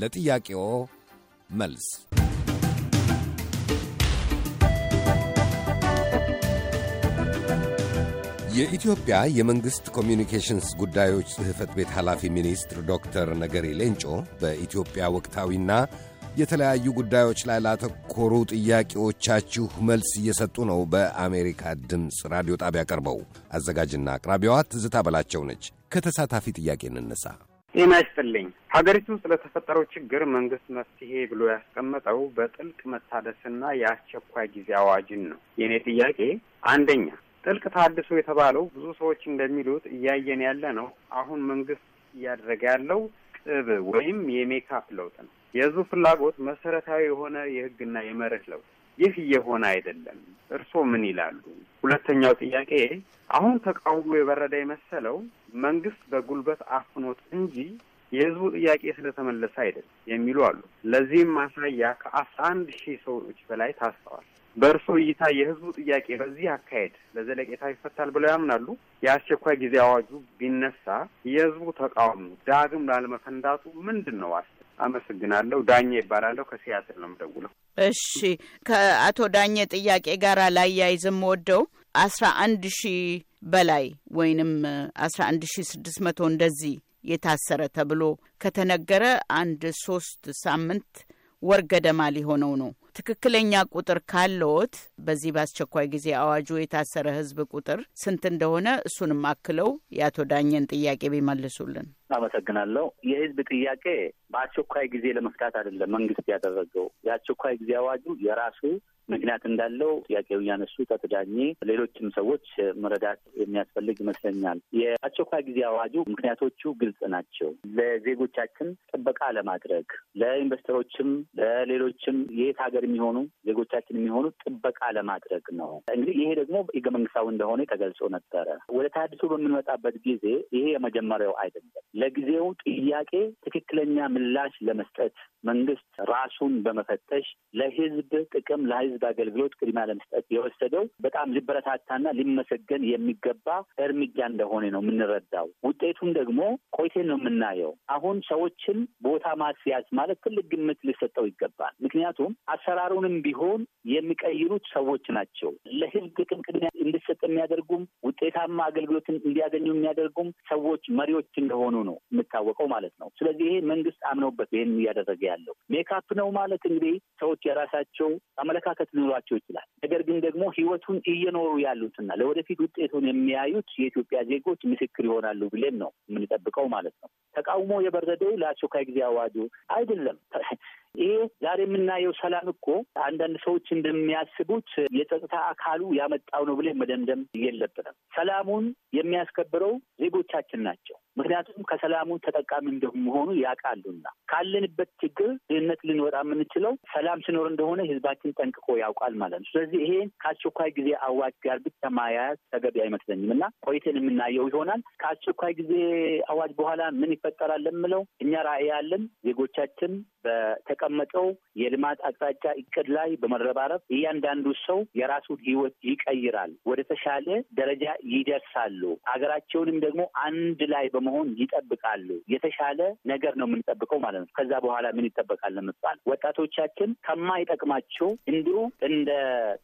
ለጥያቄዎ መልስ የኢትዮጵያ የመንግሥት ኮሚኒኬሽንስ ጉዳዮች ጽሕፈት ቤት ኃላፊ ሚኒስትር ዶክተር ነገሪ ሌንጮ በኢትዮጵያ ወቅታዊና የተለያዩ ጉዳዮች ላይ ላተኮሩ ጥያቄዎቻችሁ መልስ እየሰጡ ነው። በአሜሪካ ድምፅ ራዲዮ ጣቢያ ቀርበው አዘጋጅና አቅራቢዋ ትዝታ በላቸው ነች። ከተሳታፊ ጥያቄ እንነሳ። ጤና ይስጥልኝ። ሀገሪቱ ስለተፈጠረው ችግር መንግስት መፍትሄ ብሎ ያስቀመጠው በጥልቅ መታደስና የአስቸኳይ ጊዜ አዋጅን ነው። የእኔ ጥያቄ አንደኛ ጥልቅ ታድሶ የተባለው ብዙ ሰዎች እንደሚሉት እያየን ያለ ነው። አሁን መንግስት እያደረገ ያለው ቅብ ወይም የሜካፕ ለውጥ ነው። የህዝቡ ፍላጎት መሰረታዊ የሆነ የህግና የመርህ ለውጥ ይህ እየሆነ አይደለም። እርስዎ ምን ይላሉ? ሁለተኛው ጥያቄ አሁን ተቃውሞ የበረደ የመሰለው መንግስት በጉልበት አፍኖት እንጂ የህዝቡ ጥያቄ ስለተመለሰ አይደለም የሚሉ አሉ። ለዚህም ማሳያ ከአስራ አንድ ሺህ ሰዎች በላይ ታስረዋል። በእርስዎ እይታ የህዝቡ ጥያቄ በዚህ አካሄድ ለዘለቄታ ይፈታል ብለው ያምናሉ? የአስቸኳይ ጊዜ አዋጁ ቢነሳ የህዝቡ ተቃውሞ ዳግም ላለመፈንዳቱ ምንድን ነው ዋስትና? አመሰግናለሁ። ዳኘ ይባላለሁ። ከሲያትል ነው የምደውለው። እሺ፣ ከአቶ ዳኘ ጥያቄ ጋር ላያይዝ ወደው አስራ አንድ ሺህ በላይ ወይንም አስራ አንድ ሺህ ስድስት መቶ እንደዚህ የታሰረ ተብሎ ከተነገረ አንድ ሶስት ሳምንት ወር ገደማ ሊሆነው ነው። ትክክለኛ ቁጥር ካለዎት በዚህ በአስቸኳይ ጊዜ አዋጁ የታሰረ ህዝብ ቁጥር ስንት እንደሆነ እሱንም አክለው የአቶ ዳኘን ጥያቄ ቢመልሱልን አመሰግናለሁ። የህዝብ ጥያቄ በአስቸኳይ ጊዜ ለመፍታት አይደለም መንግስት ያደረገው። የአስቸኳይ ጊዜ አዋጁ የራሱ ምክንያት እንዳለው ጥያቄው እያነሱ ተተዳኘ ሌሎችም ሰዎች መረዳት የሚያስፈልግ ይመስለኛል። የአስቸኳይ ጊዜ አዋጁ ምክንያቶቹ ግልጽ ናቸው። ለዜጎቻችን ጥበቃ ለማድረግ ለኢንቨስተሮችም፣ ለሌሎችም የት ሀገር የሚሆኑ ዜጎቻችን የሚሆኑ ጥበቃ ለማድረግ ነው። እንግዲህ ይሄ ደግሞ ህገ መንግስታዊ እንደሆነ ተገልጾ ነበረ። ወደ ታድሶ በምንመጣበት ጊዜ ይሄ የመጀመሪያው አይደለም። ለጊዜው ጥያቄ ትክክለኛ ምላሽ ለመስጠት መንግስት ራሱን በመፈተሽ ለህዝብ ጥቅም ለህዝብ ለህዝብ አገልግሎት ቅድሚያ ለመስጠት የወሰደው በጣም ሊበረታታና ሊመሰገን የሚገባ እርምጃ እንደሆነ ነው የምንረዳው። ውጤቱም ደግሞ ቆይቴን ነው የምናየው። አሁን ሰዎችን ቦታ ማስያዝ ማለት ትልቅ ግምት ሊሰጠው ይገባል። ምክንያቱም አሰራሩንም ቢሆን የሚቀይሩት ሰዎች ናቸው። ለህዝብ ጥቅም ቅድሚያ እንዲሰጥ የሚያደርጉም ውጤታማ አገልግሎትን እንዲያገኙ የሚያደርጉም ሰዎች መሪዎች እንደሆኑ ነው የምታወቀው ማለት ነው። ስለዚህ ይሄ መንግስት አምነውበት ይህን እያደረገ ያለው ሜካፕ ነው ማለት እንግዲህ ሰዎች የራሳቸው አመለካከት አመለካከት ሊኖራቸው ይችላል። ነገር ግን ደግሞ ህይወቱን እየኖሩ ያሉትና ለወደፊት ውጤቱን የሚያዩት የኢትዮጵያ ዜጎች ምስክር ይሆናሉ ብለን ነው የምንጠብቀው ማለት ነው። ተቃውሞ የበረደው ለአስቸኳይ ጊዜ አዋጁ አይደለም። ይሄ ዛሬ የምናየው ሰላም እኮ አንዳንድ ሰዎች እንደሚያስቡት የጸጥታ አካሉ ያመጣው ነው ብለን መደምደም የለብንም። ሰላሙን የሚያስከብረው ዜጎቻችን ናቸው። ምክንያቱም ከሰላሙ ተጠቃሚ እንደመሆኑ ያውቃሉና ካለንበት ችግር ድህነት ልንወጣ የምንችለው ሰላም ሲኖር እንደሆነ ህዝባችን ጠንቅቆ ያውቃል ማለት ነው። ስለዚህ ይሄ ከአስቸኳይ ጊዜ አዋጅ ጋር ብቻ ማያያዝ ተገቢ አይመስለኝም እና ቆይተን የምናየው ይሆናል። ከአስቸኳይ ጊዜ አዋጅ በኋላ ምን ይፈጠራል የምለው እኛ ራዕይ ያለን ዜጎቻችን በተ በተቀመጠው የልማት አቅጣጫ እቅድ ላይ በመረባረብ እያንዳንዱ ሰው የራሱን ህይወት ይቀይራል፣ ወደ ተሻለ ደረጃ ይደርሳሉ። አገራቸውንም ደግሞ አንድ ላይ በመሆን ይጠብቃሉ። የተሻለ ነገር ነው የምንጠብቀው ማለት ነው። ከዛ በኋላ ምን ይጠበቃል ለመባል ወጣቶቻችን ከማይጠቅማቸው እንዲሁ እንደ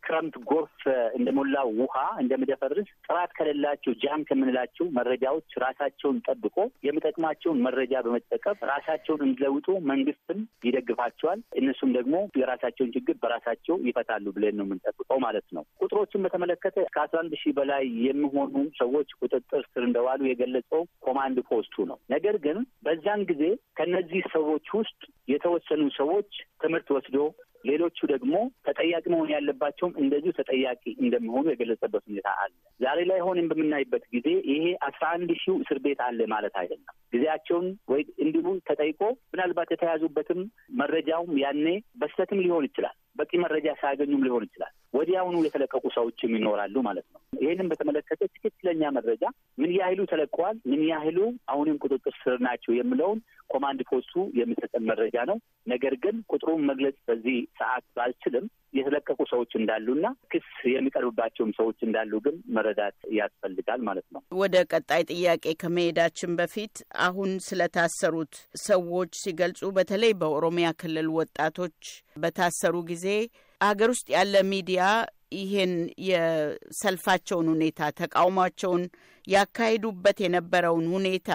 ክረምት ጎርፍ እንደሞላው ውሃ እንደምደፈርስ ጥራት ከሌላቸው ጃም ከምንላቸው መረጃዎች ራሳቸውን ጠብቆ የሚጠቅማቸውን መረጃ በመጠቀም ራሳቸውን እንዲለውጡ መንግስትም ይደግፋል ይጠብቃቸዋል። እነሱም ደግሞ የራሳቸውን ችግር በራሳቸው ይፈታሉ ብለን ነው የምንጠብቀው ማለት ነው። ቁጥሮችን በተመለከተ ከአስራ አንድ ሺህ በላይ የሚሆኑ ሰዎች ቁጥጥር ስር እንደዋሉ የገለጸው ኮማንድ ፖስቱ ነው። ነገር ግን በዛን ጊዜ ከነዚህ ሰዎች ውስጥ የተወሰኑ ሰዎች ትምህርት ወስዶ ሌሎቹ ደግሞ ተጠያቂ መሆን ያለባቸውም እንደዚሁ ተጠያቂ እንደሚሆኑ የገለጸበት ሁኔታ አለ። ዛሬ ላይ ሆነን በምናይበት ጊዜ ይሄ አስራ አንድ ሺው እስር ቤት አለ ማለት አይደለም። ጊዜያቸውን ወይ እንዲሁ ተጠይቆ ምናልባት የተያዙበትም መረጃውም ያኔ በስተትም ሊሆን ይችላል በቂ መረጃ ሳያገኙም ሊሆን ይችላል። ወዲያውኑ የተለቀቁ ሰዎችም ይኖራሉ ማለት ነው። ይህንም በተመለከተ ትክክለኛ መረጃ ምን ያህሉ ተለቀዋል፣ ምን ያህሉ አሁንም ቁጥጥር ስር ናቸው የሚለውን ኮማንድ ፖስቱ የሚሰጠን መረጃ ነው። ነገር ግን ቁጥሩን መግለጽ በዚህ ሰዓት ባልችልም የተለቀቁ ሰዎች እንዳሉና ክስ የሚቀርብባቸውም ሰዎች እንዳሉ ግን መረዳት ያስፈልጋል ማለት ነው። ወደ ቀጣይ ጥያቄ ከመሄዳችን በፊት አሁን ስለታሰሩት ሰዎች ሲገልጹ በተለይ በኦሮሚያ ክልል ወጣቶች በታሰሩ ጊዜ አገር ውስጥ ያለ ሚዲያ ይህን የሰልፋቸውን ሁኔታ ተቃውሟቸውን ያካሂዱበት የነበረውን ሁኔታ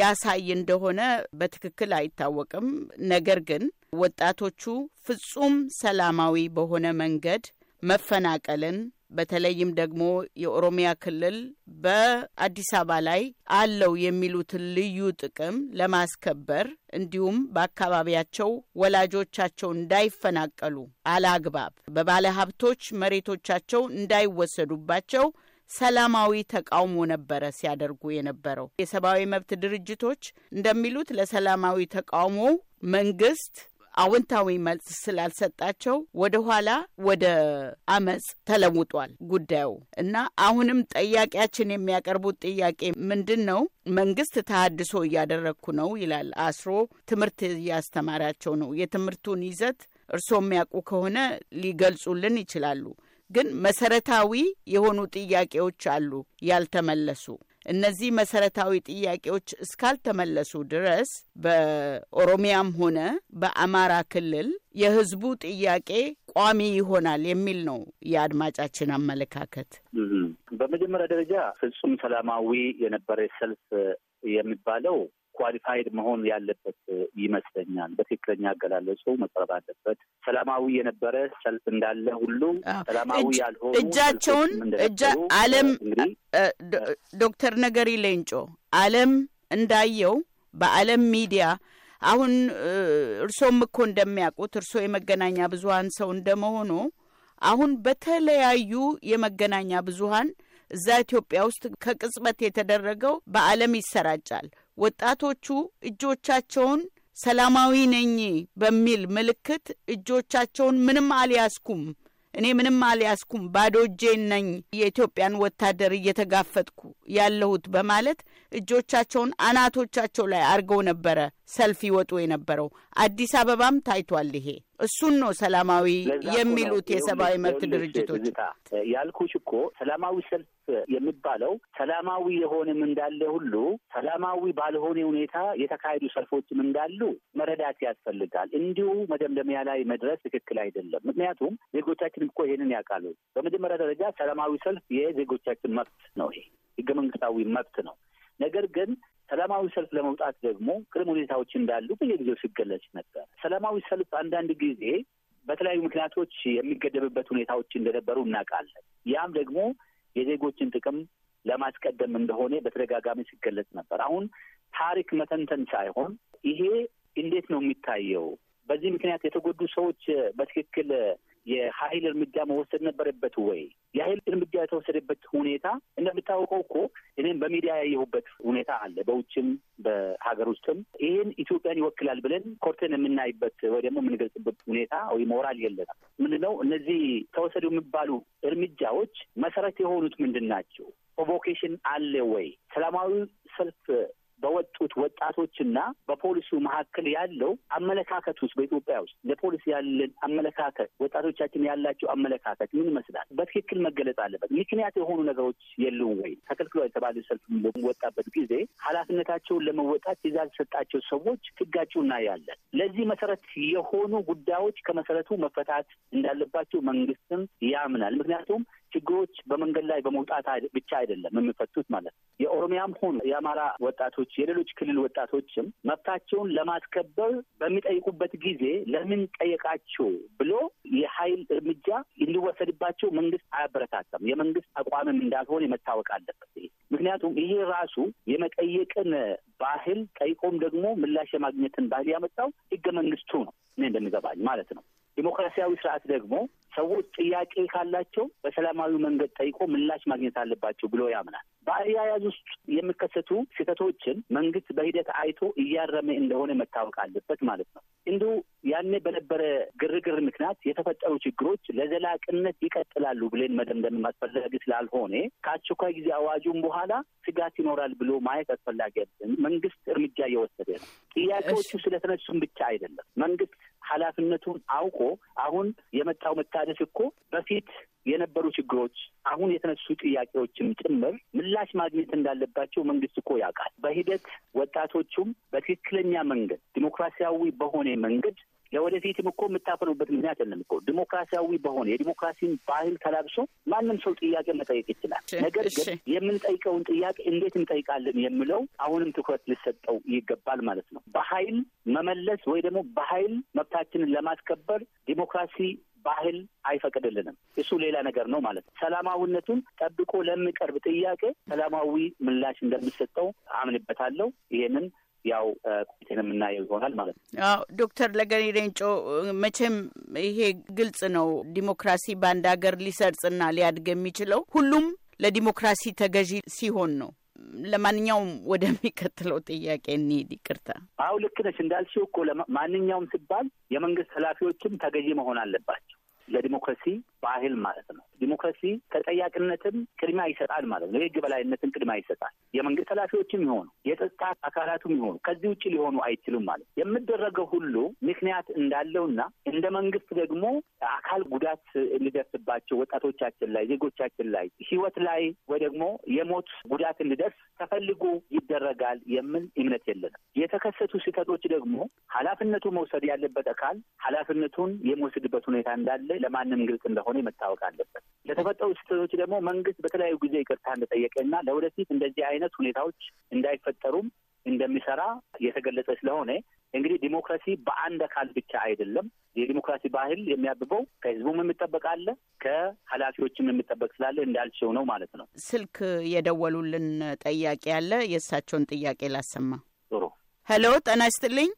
ያሳይ እንደሆነ በትክክል አይታወቅም። ነገር ግን ወጣቶቹ ፍጹም ሰላማዊ በሆነ መንገድ መፈናቀልን በተለይም ደግሞ የኦሮሚያ ክልል በአዲስ አበባ ላይ አለው የሚሉትን ልዩ ጥቅም ለማስከበር እንዲሁም በአካባቢያቸው ወላጆቻቸው እንዳይፈናቀሉ አላግባብ በባለ ሀብቶች መሬቶቻቸው እንዳይወሰዱባቸው ሰላማዊ ተቃውሞ ነበረ ሲያደርጉ የነበረው። የሰብአዊ መብት ድርጅቶች እንደሚሉት ለሰላማዊ ተቃውሞ መንግስት አዎንታዊ መልስ ስላልሰጣቸው ወደ ኋላ ወደ አመፅ ተለውጧል ጉዳዩ እና አሁንም ጠያቂያችን የሚያቀርቡት ጥያቄ ምንድን ነው? መንግስት ተሀድሶ እያደረግኩ ነው ይላል። አስሮ ትምህርት እያስተማራቸው ነው። የትምህርቱን ይዘት እርስዎ የሚያውቁ ከሆነ ሊገልጹልን ይችላሉ። ግን መሰረታዊ የሆኑ ጥያቄዎች አሉ ያልተመለሱ እነዚህ መሰረታዊ ጥያቄዎች እስካልተመለሱ ድረስ በኦሮሚያም ሆነ በአማራ ክልል የህዝቡ ጥያቄ ቋሚ ይሆናል የሚል ነው የአድማጫችን አመለካከት። በመጀመሪያ ደረጃ ፍጹም ሰላማዊ የነበረ ሰልፍ የሚባለው ኳሊፋይድ መሆን ያለበት ይመስለኛል። በትክክለኛ አገላለጹ መቅረብ አለበት። ሰላማዊ የነበረ ሰልፍ እንዳለ ሁሉ ሰላማዊ ያልሆኑ እጃቸውን እጃ አለም ዶክተር ነገሪ ሌንጮ አለም እንዳየው በአለም ሚዲያ አሁን እርሶም እኮ እንደሚያውቁት እርሶ የመገናኛ ብዙሀን ሰው እንደመሆኑ አሁን በተለያዩ የመገናኛ ብዙሀን እዛ ኢትዮጵያ ውስጥ ከቅጽበት የተደረገው በአለም ይሰራጫል። ወጣቶቹ እጆቻቸውን ሰላማዊ ነኝ በሚል ምልክት እጆቻቸውን ምንም አልያዝኩም፣ እኔ ምንም አልያዝኩም፣ ባዶ እጄን ነኝ የኢትዮጵያን ወታደር እየተጋፈጥኩ ያለሁት በማለት እጆቻቸውን አናቶቻቸው ላይ አድርገው ነበረ ሰልፍ ይወጡ የነበረው። አዲስ አበባም ታይቷል። ይሄ እሱን ነው ሰላማዊ የሚሉት የሰብአዊ መብት ድርጅቶች። ያልኩሽ እኮ ሰላማዊ ሰልፍ የሚባለው ሰላማዊ የሆነም እንዳለ ሁሉ ሰላማዊ ባልሆነ ሁኔታ የተካሄዱ ሰልፎችም እንዳሉ መረዳት ያስፈልጋል። እንዲሁ መደምደሚያ ላይ መድረስ ትክክል አይደለም። ምክንያቱም ዜጎቻችን እኮ ይሄንን ያውቃሉ። በመጀመሪያ ደረጃ ሰላማዊ ሰልፍ የዜጎቻችን መብት ነው። ይሄ ህገ መንግስታዊ መብት ነው። ነገር ግን ሰላማዊ ሰልፍ ለመውጣት ደግሞ ቅድም ሁኔታዎች እንዳሉ በየጊዜው ሲገለጽ ነበር። ሰላማዊ ሰልፍ አንዳንድ ጊዜ በተለያዩ ምክንያቶች የሚገደብበት ሁኔታዎች እንደነበሩ እናውቃለን። ያም ደግሞ የዜጎችን ጥቅም ለማስቀደም እንደሆነ በተደጋጋሚ ሲገለጽ ነበር። አሁን ታሪክ መተንተን ሳይሆን ይሄ እንዴት ነው የሚታየው፣ በዚህ ምክንያት የተጎዱ ሰዎች በትክክል የኃይል እርምጃ መወሰድ ነበረበት ወይ? የኃይል እርምጃ የተወሰደበት ሁኔታ እንደሚታወቀው እኮ እኔም በሚዲያ ያየሁበት ሁኔታ አለ። በውጭም በሀገር ውስጥም ይህን ኢትዮጵያን ይወክላል ብለን ኮርትን የምናይበት ወይ ደግሞ የምንገልጽበት ሁኔታ ወይ ሞራል የለንም። ምንድነው እነዚህ ተወሰዱ የሚባሉ እርምጃዎች መሰረት የሆኑት ምንድን ናቸው? ፕሮቮኬሽን አለ ወይ? ሰላማዊ ሰልፍ በወጡት ወጣቶችና በፖሊሱ መካከል ያለው አመለካከት ውስጥ በኢትዮጵያ ውስጥ ለፖሊስ ያለን አመለካከት ወጣቶቻችን ያላቸው አመለካከት ምን ይመስላል? በትክክል መገለጽ አለበት። ምክንያት የሆኑ ነገሮች የሉም ወይ? ተከልክሎ የተባለ ሰልፍ በሚወጣበት ጊዜ ኃላፊነታቸውን ለመወጣት ትዕዛዝ የሰጣቸው ሰዎች ህጋቸው እናያለን። ለዚህ መሰረት የሆኑ ጉዳዮች ከመሰረቱ መፈታት እንዳለባቸው መንግስትም ያምናል። ምክንያቱም ችግሮች በመንገድ ላይ በመውጣት ብቻ አይደለም የሚፈቱት ማለት ነው። የኦሮሚያም ሆኑ የአማራ ወጣቶች፣ የሌሎች ክልል ወጣቶችም መብታቸውን ለማስከበር በሚጠይቁበት ጊዜ ለምን ጠየቃቸው ብሎ የኃይል እርምጃ እንዲወሰድባቸው መንግስት አያበረታታም። የመንግስት አቋምም እንዳልሆን መታወቅ አለበት። ምክንያቱም ይሄ ራሱ የመጠየቅን ባህል ጠይቆም ደግሞ ምላሽ የማግኘትን ባህል ያመጣው ህገ መንግስቱ ነው። እኔ እንደሚገባኝ ማለት ነው። ዲሞክራሲያዊ ስርዓት ደግሞ ሰዎች ጥያቄ ካላቸው በሰላማዊ መንገድ ጠይቆ ምላሽ ማግኘት አለባቸው ብሎ ያምናል። በአያያዝ ውስጥ የሚከሰቱ ስህተቶችን መንግስት በሂደት አይቶ እያረመ እንደሆነ መታወቅ አለበት ማለት ነው። እንዲሁ ያኔ በነበረ ግርግር ምክንያት የተፈጠሩ ችግሮች ለዘላቅነት ይቀጥላሉ ብለን መደምደም አስፈላጊ ስላልሆነ ከአስቸኳይ ጊዜ አዋጁም በኋላ ስጋት ይኖራል ብሎ ማየት አስፈላጊ መንግስት እርምጃ እየወሰደ ነው። ጥያቄዎቹ ስለተነሱም ብቻ አይደለም። መንግስት ኃላፊነቱን አውቆ አሁን የመጣው መታደስ እኮ በፊት የነበሩ ችግሮች፣ አሁን የተነሱ ጥያቄዎችም ጭምር ምላሽ ማግኘት እንዳለባቸው መንግስት እኮ ያውቃል። በሂደት ወጣቶቹም በትክክለኛ መንገድ ዲሞክራሲያዊ በሆነ መንገድ ለወደፊትም እኮ የምታፈኑበት ምክንያት የለም እኮ ዲሞክራሲያዊ በሆነ የዲሞክራሲን ባህል ተላብሶ ማንም ሰው ጥያቄ መጠየቅ ይችላል። ነገር ግን የምንጠይቀውን ጥያቄ እንዴት እንጠይቃለን የሚለው አሁንም ትኩረት ሊሰጠው ይገባል ማለት ነው። በኃይል መመለስ ወይ ደግሞ በኃይል መብታችንን ለማስከበር ዲሞክራሲ ባህል አይፈቅድልንም። እሱ ሌላ ነገር ነው ማለት ነው። ሰላማዊነቱን ጠብቆ ለሚቀርብ ጥያቄ ሰላማዊ ምላሽ እንደሚሰጠው አምንበታለሁ። ይሄንን ያው ቆይተን የምናየው ይሆናል ማለት ነው። ዶክተር ለገኔ ሬንጮ መቼም ይሄ ግልጽ ነው። ዲሞክራሲ በአንድ ሀገር ሊሰርጽና ሊያድግ የሚችለው ሁሉም ለዲሞክራሲ ተገዢ ሲሆን ነው። ለማንኛውም ወደሚቀጥለው ጥያቄ እንሂድ። ይቅርታ። አዎ ልክ ነች። እንዳልሽው እኮ ማንኛውም ሲባል የመንግስት ኃላፊዎችም ተገዢ መሆን አለባቸው ለዲሞክራሲ ባህል ማለት ነው። ዲሞክራሲ ተጠያቂነትን ቅድሚያ ይሰጣል ማለት ነው። የህግ በላይነትን ቅድሚያ ይሰጣል። የመንግስት ኃላፊዎችም ይሆኑ የጸጥታ አካላቱም ይሆኑ ከዚህ ውጭ ሊሆኑ አይችሉም ማለት የምደረገው ሁሉ ምክንያት እንዳለውና እንደ መንግስት ደግሞ አካል ጉዳት እንዲደርስባቸው ወጣቶቻችን ላይ ዜጎቻችን ላይ ህይወት ላይ ወይ ደግሞ የሞት ጉዳት እንዲደርስ ተፈልጎ ይደረጋል የሚል እምነት የለንም። የተከሰቱ ስህተቶች ደግሞ ኃላፊነቱ መውሰድ ያለበት አካል ኃላፊነቱን የሚወስድበት ሁኔታ እንዳለ ለማንም ግልጽ እንደሆነ እንደሆነ መታወቅ አለበት። ለተፈጠሩ ስህተቶች ደግሞ መንግስት በተለያዩ ጊዜ ይቅርታ እንደጠየቀ ለወደፊት እንደዚህ አይነት ሁኔታዎች እንዳይፈጠሩም እንደሚሰራ የተገለጸ ስለሆነ እንግዲህ ዲሞክራሲ በአንድ አካል ብቻ አይደለም። የዲሞክራሲ ባህል የሚያብበው ከህዝቡም የሚጠበቅ አለ፣ ከኃላፊዎችም የሚጠበቅ ስላለ እንዳልችው ነው ማለት ነው። ስልክ የደወሉልን ጥያቄ አለ። የእሳቸውን ጥያቄ ላሰማ። ጥሩ። ሄሎ፣ ጤና ይስጥልኝ።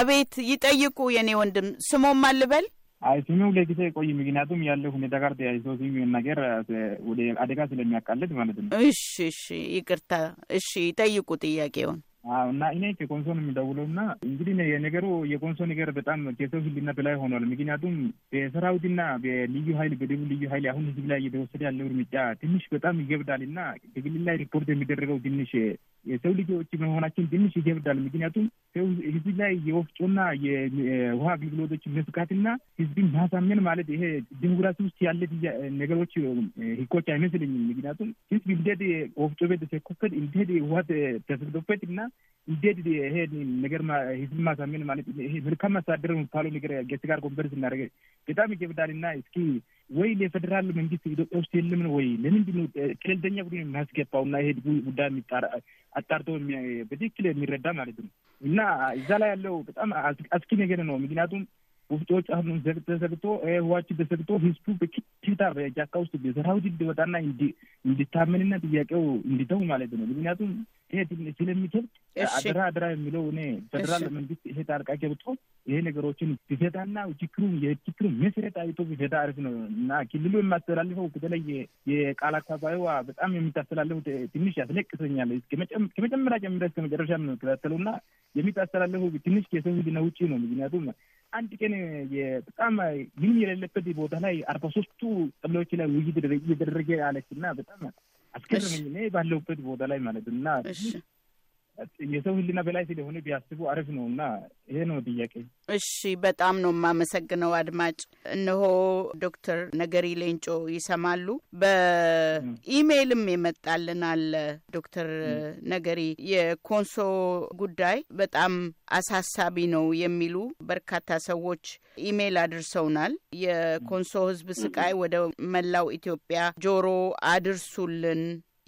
አቤት፣ ይጠይቁ የኔ ወንድም። ስሞም አልበል አይ ስሚው ለጊዜ ቆይ፣ ምክንያቱም ያለው ሁኔታ ጋር ተያይዞ ስሚውን ነገር ወደ አደጋ ስለሚያቃልድ ማለት ነው። እሺ፣ እሺ፣ ይቅርታ። እሺ፣ ጠይቁ ጥያቄውን እና እኔ ከኮንሶ ነው የሚደውለው። እና እንግዲህ የነገሩ የኮንሶ ነገር በጣም ከሰው ሕሊና በላይ ሆኗል። ምክንያቱም በሰራዊትና በልዩ ኃይል በደቡብ ልዩ ኃይል አሁን ሕዝብ ላይ እየተወሰደ ያለው እርምጃ ትንሽ በጣም ይገብዳል። እና ከክልል ላይ ሪፖርት የሚደረገው ትንሽ የሰው ልጅ የውጭ መሆናችን ትንሽ ይገብዳል። ምክንያቱም ህዝብ ላይ የወፍጮና የውሃ አገልግሎቶች መስካትና ህዝብን ማሳመን ማለት ይሄ ዲሞክራሲ ውስጥ ያለ ነገሮች ህጎች አይመስለኝም። ምክንያቱም ህዝብ እንዴት ወፍጮ ቤት ተኮፈት፣ እንዴት ውሃ ተሰግዶበት እና እንዴት ይሄ ነገር ህዝብ ማሳመን ማለት ይሄ መልካም አስተዳደር የሚባለው ነገር ገስ ጋር ኮንፈረንስ እናደርገ በጣም ይገብዳል እና እስኪ ወይ የፌዴራል መንግስት ኢትዮጵያ ውስጥ የለም ወይ? ለምንድን ነው ቡድን የሚያስገባው እና ይሄ ጉዳይ አጣርቶ በትክክል የሚረዳ ማለት ነው። እና እዛ ላይ ያለው በጣም አስኪ ነገር ነው። ምክንያቱም ወፍጮ ጫኑን ተሰርቶ ውሃችን ተሰርቶ ህዝቡ በክታ በጫካ ውስጥ ሰራዊት እንዲወጣና እንዲታመንና ጥያቄው እንዲተው ማለት ነው። ምክንያቱም ይሄ ስለሚከብድ አድራ አድራ የሚለው እኔ ፌደራል መንግስት ይሄ ጣልቃ ገብቶ ይሄ ነገሮችን ቢፈታና ችግሩን የችግሩ መሰረት አይቶ ቢፈታ አሪፍ ነው እና ክልሉ የማስተላልፈው በተለይ የቃል አካባቢዋ በጣም የምታስተላልፈው ትንሽ ያስለቅሰኛል። ከመጀመሪያ ጀምሮ እስከ መጨረሻ ነው የምከታተለው እና የሚታስተላልፈው ትንሽ የሰው ልጅ ነው ውጪ ነው ምክንያቱም አንድ ቀን በጣም ምንም የሌለበት ቦታ ላይ አርባ ሶስቱ ጠላዎች ላይ ውይይት እየተደረገ አለች እና በጣም አስገረመኝ። እኔ ባለሁበት ቦታ ላይ ማለት እና የሰው ሕሊና በላይ ስለሆነ ቢያስቡ አሪፍ ነው እና ይሄ ነው ጥያቄ። እሺ፣ በጣም ነው የማመሰግነው አድማጭ። እነሆ ዶክተር ነገሪ ሌንጮ ይሰማሉ። በኢሜይልም የመጣልን አለ። ዶክተር ነገሪ የኮንሶ ጉዳይ በጣም አሳሳቢ ነው የሚሉ በርካታ ሰዎች ኢሜይል አድርሰውናል። የኮንሶ ህዝብ ስቃይ ወደ መላው ኢትዮጵያ ጆሮ አድርሱልን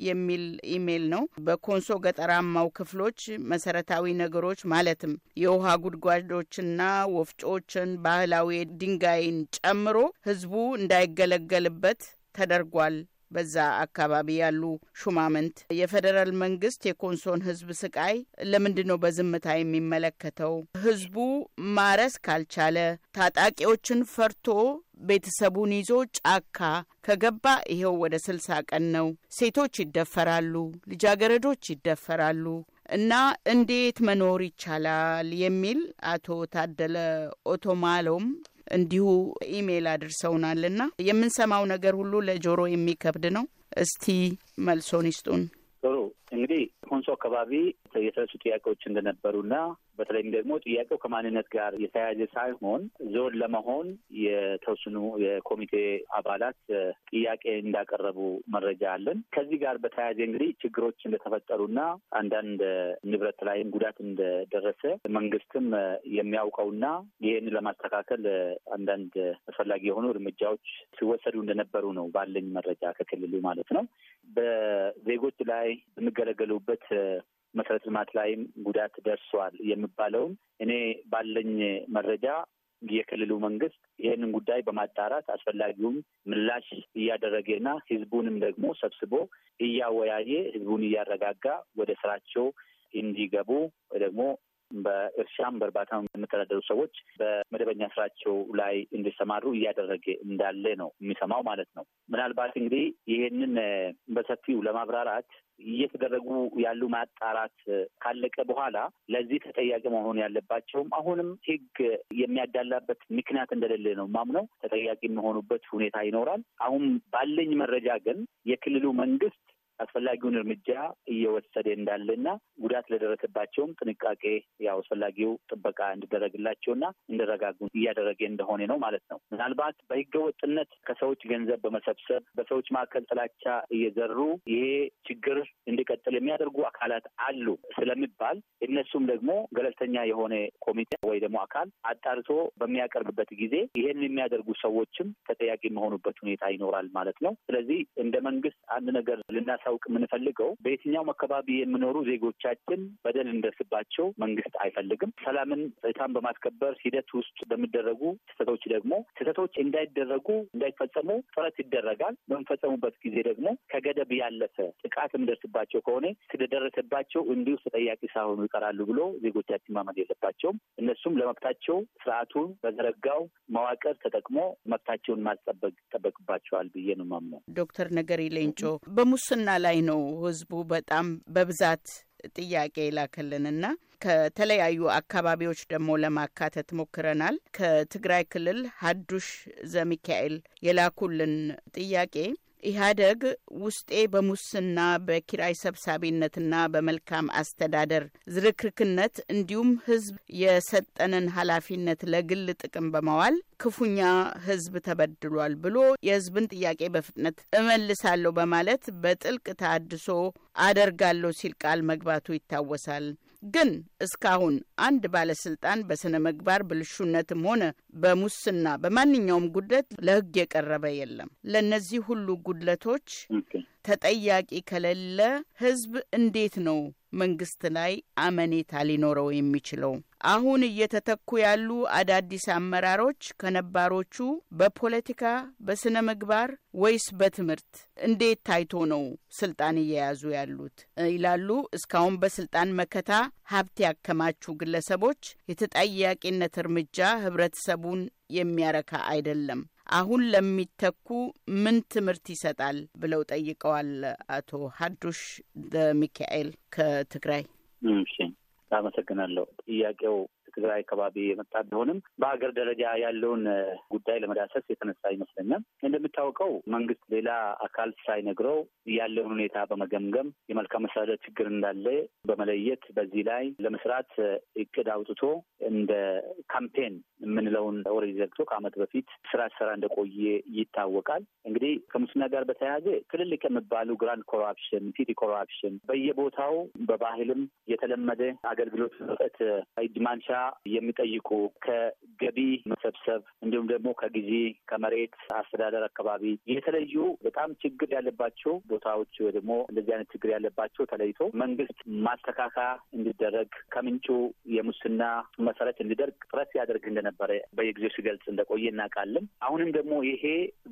የሚል ኢሜይል ነው። በኮንሶ ገጠራማው ክፍሎች መሰረታዊ ነገሮች ማለትም የውሃ ጉድጓዶችና ወፍጮዎችን ባህላዊ ድንጋይን ጨምሮ ህዝቡ እንዳይገለገልበት ተደርጓል በዛ አካባቢ ያሉ ሹማምንት የፌዴራል መንግስት የኮንሶን ህዝብ ስቃይ ለምንድን ነው በዝምታ የሚመለከተው? ህዝቡ ማረስ ካልቻለ ታጣቂዎችን ፈርቶ ቤተሰቡን ይዞ ጫካ ከገባ ይኸው ወደ ስልሳ ቀን ነው። ሴቶች ይደፈራሉ፣ ልጃገረዶች ይደፈራሉ። እና እንዴት መኖር ይቻላል የሚል አቶ ታደለ ኦቶማሎም እንዲሁ ኢሜይል አድርሰውናል እና የምንሰማው ነገር ሁሉ ለጆሮ የሚከብድ ነው። እስቲ መልሶን ይስጡን። ጥሩ እንግዲህ ኮንሶ አካባቢ የተነሱ ጥያቄዎች እንደነበሩና በተለይም ደግሞ ጥያቄው ከማንነት ጋር የተያያዘ ሳይሆን ዞን ለመሆን የተወሰኑ የኮሚቴ አባላት ጥያቄ እንዳቀረቡ መረጃ አለን። ከዚህ ጋር በተያያዘ እንግዲህ ችግሮች እንደተፈጠሩና አንዳንድ ንብረት ላይም ጉዳት እንደደረሰ መንግስትም የሚያውቀውና ይህን ለማስተካከል አንዳንድ አስፈላጊ የሆኑ እርምጃዎች ሲወሰዱ እንደነበሩ ነው ባለኝ መረጃ ከክልሉ ማለት ነው በዜጎች ላይ የሚገለገሉበት መሰረተ ልማት ላይም ጉዳት ደርሷል የሚባለውን እኔ ባለኝ መረጃ የክልሉ መንግስት ይህንን ጉዳይ በማጣራት አስፈላጊውም ምላሽ እያደረገና ህዝቡንም ደግሞ ሰብስቦ እያወያየ ህዝቡን እያረጋጋ ወደ ስራቸው እንዲገቡ ደግሞ በእርሻም በእርባታ የሚተዳደሩ ሰዎች በመደበኛ ስራቸው ላይ እንዲሰማሩ እያደረገ እንዳለ ነው የሚሰማው ማለት ነው። ምናልባት እንግዲህ ይህንን በሰፊው ለማብራራት እየተደረጉ ያሉ ማጣራት ካለቀ በኋላ ለዚህ ተጠያቂ መሆን ያለባቸውም አሁንም ሕግ የሚያዳላበት ምክንያት እንደሌለ ነው ማምነው ተጠያቂ የሚሆኑበት ሁኔታ ይኖራል። አሁን ባለኝ መረጃ ግን የክልሉ መንግስት አስፈላጊውን እርምጃ እየወሰደ እንዳለና ጉዳት ለደረሰባቸውም ጥንቃቄ ያው አስፈላጊው ጥበቃ እንዲደረግላቸውና እንዲረጋጉ እያደረገ እንደሆነ ነው ማለት ነው። ምናልባት በህገ ወጥነት ከሰዎች ገንዘብ በመሰብሰብ በሰዎች መካከል ጥላቻ እየዘሩ ይሄ ችግር እንዲቀጥል የሚያደርጉ አካላት አሉ ስለሚባል እነሱም ደግሞ ገለልተኛ የሆነ ኮሚቴ ወይ ደግሞ አካል አጣርቶ በሚያቀርብበት ጊዜ ይሄን የሚያደርጉ ሰዎችም ተጠያቂ መሆኑበት ሁኔታ ይኖራል ማለት ነው። ስለዚህ እንደ መንግስት አንድ ነገር ልናሳ እንድታውቅ የምንፈልገው በየትኛውም አካባቢ የሚኖሩ ዜጎቻችን በደል እንደርስባቸው መንግስት አይፈልግም። ሰላምን ጸጥታን በማስከበር ሂደት ውስጥ በሚደረጉ ስህተቶች ደግሞ ስህተቶች እንዳይደረጉ እንዳይፈጸሙ ጥረት ይደረጋል። በሚፈጸሙበት ጊዜ ደግሞ ከገደብ ያለፈ ጥቃት የምደርስባቸው ከሆነ ስለደረሰባቸው እንዲሁ ተጠያቂ ሳይሆኑ ይቀራሉ ብሎ ዜጎቻችን ማመን የለባቸውም። እነሱም ለመብታቸው ስርዓቱን በዘረጋው መዋቅር ተጠቅሞ መብታቸውን ማስጠበቅ ይጠበቅባቸዋል ብዬ ነው ማምነው። ዶክተር ነገሪ ሌንጮ በሙስና ላይ ነው ህዝቡ በጣም በብዛት ጥያቄ ይላክልንና ከተለያዩ አካባቢዎች ደግሞ ለማካተት ሞክረናል። ከትግራይ ክልል ሀዱሽ ዘሚካኤል የላኩልን ጥያቄ ኢህአደግ ውስጤ በሙስና በኪራይ ሰብሳቢነትና በመልካም አስተዳደር ዝርክርክነት እንዲሁም ህዝብ የሰጠንን ኃላፊነት ለግል ጥቅም በማዋል ክፉኛ ህዝብ ተበድሏል ብሎ የህዝብን ጥያቄ በፍጥነት እመልሳለሁ በማለት በጥልቅ ተሃድሶ አደርጋለሁ ሲል ቃል መግባቱ ይታወሳል። ግን እስካሁን አንድ ባለስልጣን በስነ ምግባር ብልሹነትም ሆነ በሙስና በማንኛውም ጉድለት ለሕግ የቀረበ የለም። ለእነዚህ ሁሉ ጉድለቶች ተጠያቂ ከሌለ ሕዝብ እንዴት ነው መንግስት ላይ አመኔታ ሊኖረው የሚችለው። አሁን እየተተኩ ያሉ አዳዲስ አመራሮች ከነባሮቹ በፖለቲካ በስነ ምግባር ወይስ በትምህርት እንዴት ታይቶ ነው ስልጣን እየያዙ ያሉት? ይላሉ እስካሁን በስልጣን መከታ ሀብት ያከማቹ ግለሰቦች የተጠያቂነት እርምጃ ህብረተሰቡን የሚያረካ አይደለም። አሁን ለሚተኩ ምን ትምህርት ይሰጣል ብለው ጠይቀዋል። አቶ ሀዱሽ ሚካኤል ከትግራይ። እሺ፣ አመሰግናለሁ። ጥያቄው ትግራይ አካባቢ የመጣ ቢሆንም በሀገር ደረጃ ያለውን ጉዳይ ለመዳሰስ የተነሳ ይመስለኛል። እንደምታውቀው መንግስት ሌላ አካል ሳይነግረው ያለውን ሁኔታ በመገምገም የመልካም መስተዳደር ችግር እንዳለ በመለየት በዚህ ላይ ለመስራት እቅድ አውጥቶ እንደ ካምፔን የምንለውን ኦልሬዲ ዘግቶ ከአመት በፊት ስራ ስራ እንደቆየ ይታወቃል። እንግዲህ ከሙስና ጋር በተያያዘ ትልልቅ የሚባሉ ግራንድ ኮራፕሽን፣ ሲቲ ኮራፕሽን በየቦታው በባህልም የተለመደ አገልግሎት መስጠት እጅ ማንሻ የሚጠይቁ ከገቢ መሰብሰብ እንዲሁም ደግሞ ከጊዜ ከመሬት አስተዳደር አካባቢ የተለዩ በጣም ችግር ያለባቸው ቦታዎች ወይ ደግሞ እንደዚህ አይነት ችግር ያለባቸው ተለይቶ መንግስት ማስተካከያ እንዲደረግ ከምንጩ የሙስና መሰረት እንዲደርግ ጥረት ያደርግ እንደነበረ በየጊዜው ሲገልጽ እንደቆየ እናውቃለን። አሁንም ደግሞ ይሄ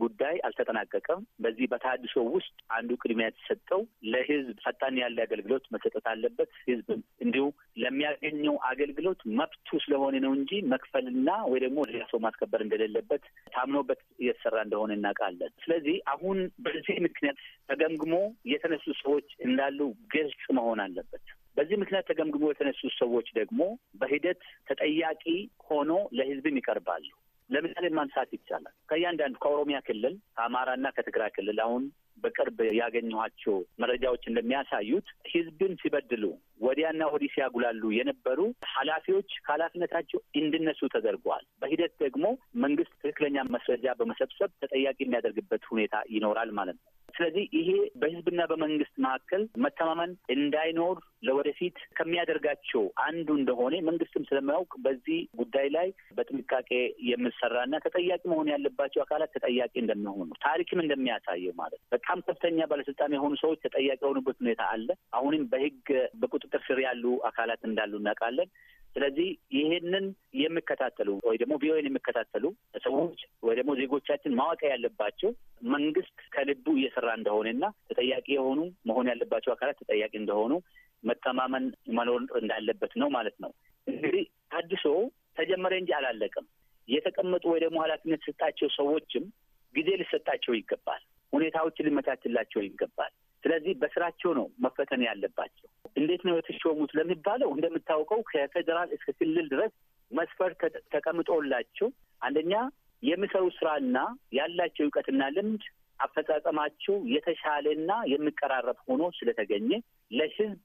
ጉዳይ አልተጠናቀቀም። በዚህ በተሃድሶ ውስጥ አንዱ ቅድሚያ የተሰጠው ለህዝብ ፈጣን ያለ አገልግሎት መሰጠት አለበት። ህዝብ እንዲሁ ለሚያገኘው አገልግሎት መብት መብቱ ስለሆነ ነው እንጂ መክፈልና ወይ ደግሞ ሌላ ሰው ማስከበር እንደሌለበት ታምኖበት እየተሰራ እንደሆነ እናውቃለን። ስለዚህ አሁን በዚህ ምክንያት ተገምግሞ የተነሱ ሰዎች እንዳሉ ግልጽ መሆን አለበት። በዚህ ምክንያት ተገምግሞ የተነሱ ሰዎች ደግሞ በሂደት ተጠያቂ ሆኖ ለሕዝብም ይቀርባሉ። ለምሳሌ ማንሳት ይቻላል። ከእያንዳንዱ ከኦሮሚያ ክልል ከአማራና ከትግራይ ክልል አሁን በቅርብ ያገኘኋቸው መረጃዎች እንደሚያሳዩት ህዝብን ሲበድሉ ወዲያና ወዲህ ሲያጉላሉ የነበሩ ኃላፊዎች ከኃላፊነታቸው እንዲነሱ ተደርገዋል። በሂደት ደግሞ መንግስት ትክክለኛ መስረጃ በመሰብሰብ ተጠያቂ የሚያደርግበት ሁኔታ ይኖራል ማለት ነው። ስለዚህ ይሄ በህዝብና በመንግስት መካከል መተማመን እንዳይኖር ለወደፊት ከሚያደርጋቸው አንዱ እንደሆነ መንግስትም ስለማያውቅ በዚህ ጉዳይ ላይ በጥንቃቄ የምሰራና ተጠያቂ መሆን ያለባቸው አካላት ተጠያቂ እንደሚሆኑ ታሪክም እንደሚያሳየው ማለት በጣም ከፍተኛ ባለስልጣን የሆኑ ሰዎች ተጠያቂ የሆኑበት ሁኔታ አለ። አሁንም በህግ በቁጥጥር ስር ያሉ አካላት እንዳሉ እናውቃለን። ስለዚህ ይህንን የሚከታተሉ ወይ ደግሞ ቪኦኤን የሚከታተሉ ሰዎች ወይ ደግሞ ዜጎቻችን ማወቂያ ያለባቸው መንግስት ከልቡ እየሰራ እንደሆነና ተጠያቂ የሆኑ መሆን ያለባቸው አካላት ተጠያቂ እንደሆኑ መተማመን መኖር እንዳለበት ነው ማለት ነው። እንግዲህ ታድሶ ተጀመረ እንጂ አላለቀም። የተቀመጡ ወይ ደግሞ ኃላፊነት ሰጣቸው ሰዎችም ጊዜ ሊሰጣቸው ይገባል። ሁኔታዎች ሊመቻችላቸው ይገባል። ስለዚህ በስራቸው ነው መፈተን ያለባቸው። እንዴት ነው የተሾሙት ለሚባለው እንደምታውቀው ከፌዴራል እስከ ክልል ድረስ መስፈር ተቀምጦላቸው አንደኛ የሚሰሩ ስራና ያላቸው እውቀትና ልምድ አፈጻጸማቸው የተሻለና የሚቀራረብ ሆኖ ስለተገኘ ለሕዝብ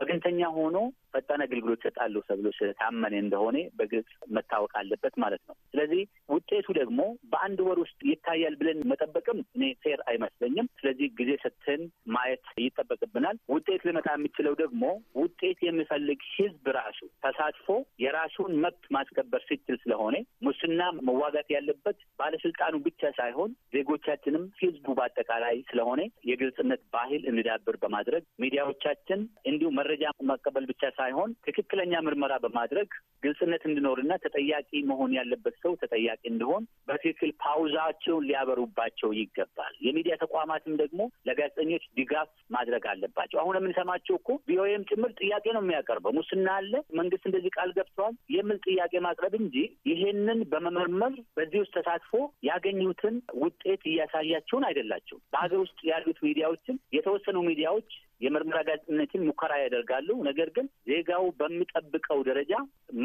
ወገንተኛ ሆኖ ፈጣን አገልግሎት ይሰጣሉ ተብሎ ስለታመነ እንደሆነ በግልጽ መታወቅ አለበት ማለት ነው። ስለዚህ ውጤቱ ደግሞ በአንድ ወር ውስጥ ይታያል ብለን መጠበቅም እኔ ፌር አይመስለኝም። ስለዚህ ጊዜ ሰጥተን ማየት ይጠበቅብናል። ውጤት ሊመጣ የሚችለው ደግሞ ውጤት የሚፈልግ ህዝብ ራሱ ተሳትፎ የራሱን መብት ማስከበር ሲችል ስለሆነ ሙስና መዋጋት ያለበት ባለስልጣኑ ብቻ ሳይሆን ዜጎቻችንም ህዝቡ በአጠቃላይ ስለሆነ የግልጽነት ባህል እንዳብር በማድረግ ሚዲያዎቻችን እንዲሁም መረጃ መቀበል ብቻ ሳይሆን ትክክለኛ ምርመራ በማድረግ ግልጽነት እንዲኖርና ተጠያቂ መሆን ያለበት ሰው ተጠያቂ እንዲሆን በትክክል ፓውዛቸውን ሊያበሩባቸው ይገባል። የሚዲያ ተቋማትም ደግሞ ለጋዜጠኞች ድጋፍ ማድረግ አለባቸው። አሁን የምንሰማቸው እኮ ቪኦኤም ጭምር ጥያቄ ነው የሚያቀርበው። ሙስና አለ፣ መንግስት እንደዚህ ቃል ገብተዋል የሚል ጥያቄ ማቅረብ እንጂ ይሄንን በመመርመር በዚህ ውስጥ ተሳትፎ ያገኙትን ውጤት እያሳያቸውን አይደላቸው። በሀገር ውስጥ ያሉት ሚዲያዎችም የተወሰኑ ሚዲያዎች የምርመራ ጋዜጠኝነትን ሙከራ ያደርጋሉ። ነገር ግን ዜጋው በሚጠብቀው ደረጃ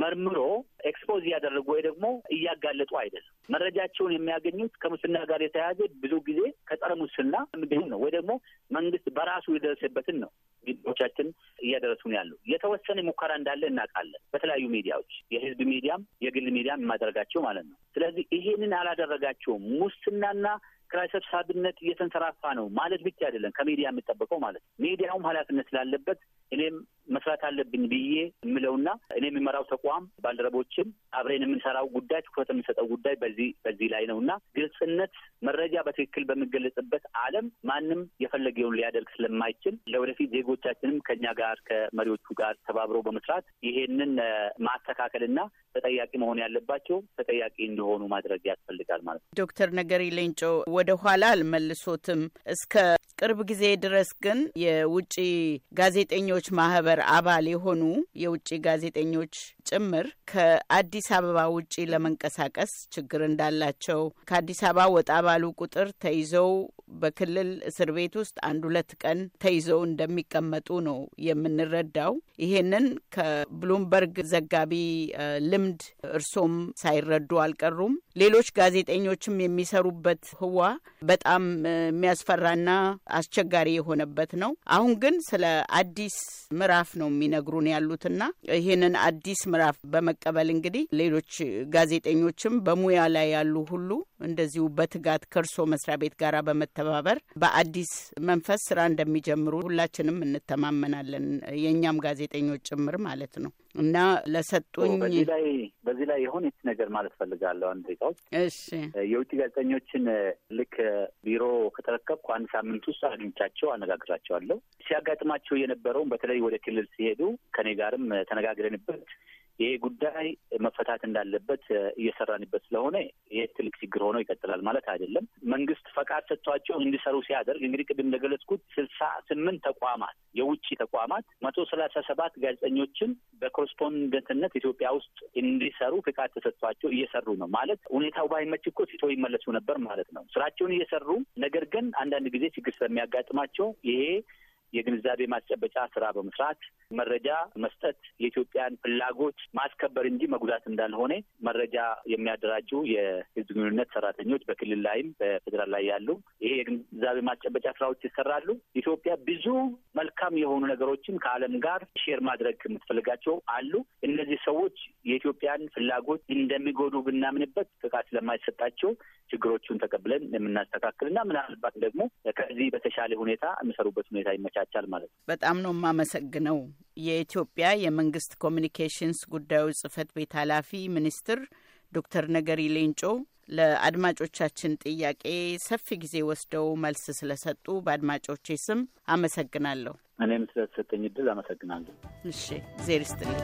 መርምሮ ኤክስፖዝ እያደረጉ ወይ ደግሞ እያጋለጡ አይደለም። መረጃቸውን የሚያገኙት ከሙስና ጋር የተያያዘ ብዙ ጊዜ ከጸረ ሙስና እንዲሁም ነው ወይ ደግሞ መንግስት በራሱ የደረሰበትን ነው ሚዲያዎቻችን እያደረሱን ያሉ የተወሰነ ሙከራ እንዳለ እናውቃለን። በተለያዩ ሚዲያዎች የህዝብ ሚዲያም የግል ሚዲያም የማደርጋቸው ማለት ነው። ስለዚህ ይሄንን አላደረጋቸውም ሙስናና ክራይ ሰብሳቢነት እየተንሰራፋ ነው ማለት ብቻ አይደለም ከሚዲያ የሚጠበቀው ማለት ነው። ሚዲያውም ኃላፊነት ስላለበት እኔም መስራት አለብኝ ብዬ የምለውና እኔ የሚመራው ተቋም ባልደረቦችም አብሬን የምንሰራው ጉዳይ ትኩረት የምንሰጠው ጉዳይ በዚህ በዚህ ላይ ነው እና ግልጽነት፣ መረጃ በትክክል በሚገለጽበት ዓለም ማንም የፈለገውን ሊያደርግ ስለማይችል ለወደፊት ዜጎቻችንም ከኛ ጋር ከመሪዎቹ ጋር ተባብረው በመስራት ይሄንን ማስተካከልና ተጠያቂ መሆን ያለባቸው ተጠያቂ እንዲሆኑ ማድረግ ያስፈልጋል ማለት ነው። ዶክተር ነገሪ ሌንጮ ወደ ኋላ አልመልሶትም። እስከ ቅርብ ጊዜ ድረስ ግን የውጭ ጋዜጠኞች ማህበር ማህበር አባል የሆኑ የውጭ ጋዜጠኞች ጭምር ከአዲስ አበባ ውጪ ለመንቀሳቀስ ችግር እንዳላቸው ከአዲስ አበባ ወጣ ባሉ ቁጥር ተይዘው በክልል እስር ቤት ውስጥ አንድ ሁለት ቀን ተይዘው እንደሚቀመጡ ነው የምንረዳው። ይሄንን ከብሉምበርግ ዘጋቢ ልምድ እርሶም ሳይረዱ አልቀሩም። ሌሎች ጋዜጠኞችም የሚሰሩበት ህዋ በጣም የሚያስፈራና አስቸጋሪ የሆነበት ነው። አሁን ግን ስለ አዲስ ምዕራፍ ነው የሚነግሩን ያሉትና ይህንን አዲስ ምዕራፍ በመቀበል እንግዲህ ሌሎች ጋዜጠኞችም በሙያ ላይ ያሉ ሁሉ እንደዚሁ በትጋት ከእርሶ መስሪያ ቤት ጋር በመተባበር በአዲስ መንፈስ ስራ እንደሚጀምሩ ሁላችንም እንተማመናለን፣ የእኛም ጋዜጠኞች ጭምር ማለት ነው እና ለሰጡኝ በዚህ ላይ የሆነች ነገር ማለት ፈልጋለሁ። አንድ እሺ፣ የውጭ ጋዜጠኞችን ልክ ቢሮ ከተረከብኩ አንድ ሳምንት ውስጥ አግኝቻቸው አነጋግራቸዋለሁ። ሲያጋጥማቸው የነበረውን በተለይ ወደ ክልል ሲሄዱ ከኔ ጋርም ተነጋግረንበት ይሄ ጉዳይ መፈታት እንዳለበት እየሰራንበት ስለሆነ ይህ ትልቅ ችግር ሆኖ ይቀጥላል ማለት አይደለም። መንግስት ፈቃድ ሰጥቷቸው እንዲሰሩ ሲያደርግ እንግዲህ ቅድም እንደገለጽኩት ስልሳ ስምንት ተቋማት የውጭ ተቋማት መቶ ሰላሳ ሰባት ጋዜጠኞችን በኮረስፖንደንትነት ኢትዮጵያ ውስጥ እንዲሰሩ ፍቃድ ተሰጥቷቸው እየሰሩ ነው ማለት ሁኔታው ባይመች እኮ ሲቶ ይመለሱ ነበር ማለት ነው። ስራቸውን እየሰሩ ነገር ግን አንዳንድ ጊዜ ችግር ስለሚያጋጥማቸው ይሄ የግንዛቤ ማስጨበጫ ስራ በመስራት መረጃ መስጠት የኢትዮጵያን ፍላጎት ማስከበር እንጂ መጉዳት እንዳልሆነ መረጃ የሚያደራጁ የህዝብ ግንኙነት ሰራተኞች በክልል ላይም በፌዴራል ላይ ያሉ ይሄ የግንዛቤ ማስጨበጫ ስራዎች ይሰራሉ። ኢትዮጵያ ብዙ መልካም የሆኑ ነገሮችን ከዓለም ጋር ሼር ማድረግ የምትፈልጋቸው አሉ። እነዚህ ሰዎች የኢትዮጵያን ፍላጎት እንደሚጎዱ ብናምንበት ጥቃት ስለማይሰጣቸው ችግሮቹን ተቀብለን የምናስተካክልና ምናልባት ደግሞ ከዚህ በተሻለ ሁኔታ የሚሰሩበት ሁኔታ ይመቻል። ይመቻቻል ማለት ነው። በጣም ነው የማመሰግነው። የኢትዮጵያ የመንግስት ኮሚኒኬሽንስ ጉዳዮች ጽህፈት ቤት ኃላፊ ሚኒስትር ዶክተር ነገሪ ሌንጮ ለአድማጮቻችን ጥያቄ ሰፊ ጊዜ ወስደው መልስ ስለሰጡ በአድማጮቼ ስም አመሰግናለሁ። እኔም ስለተሰጠኝ እድል አመሰግናለሁ። እሺ እግዜር ይስጥልኝ።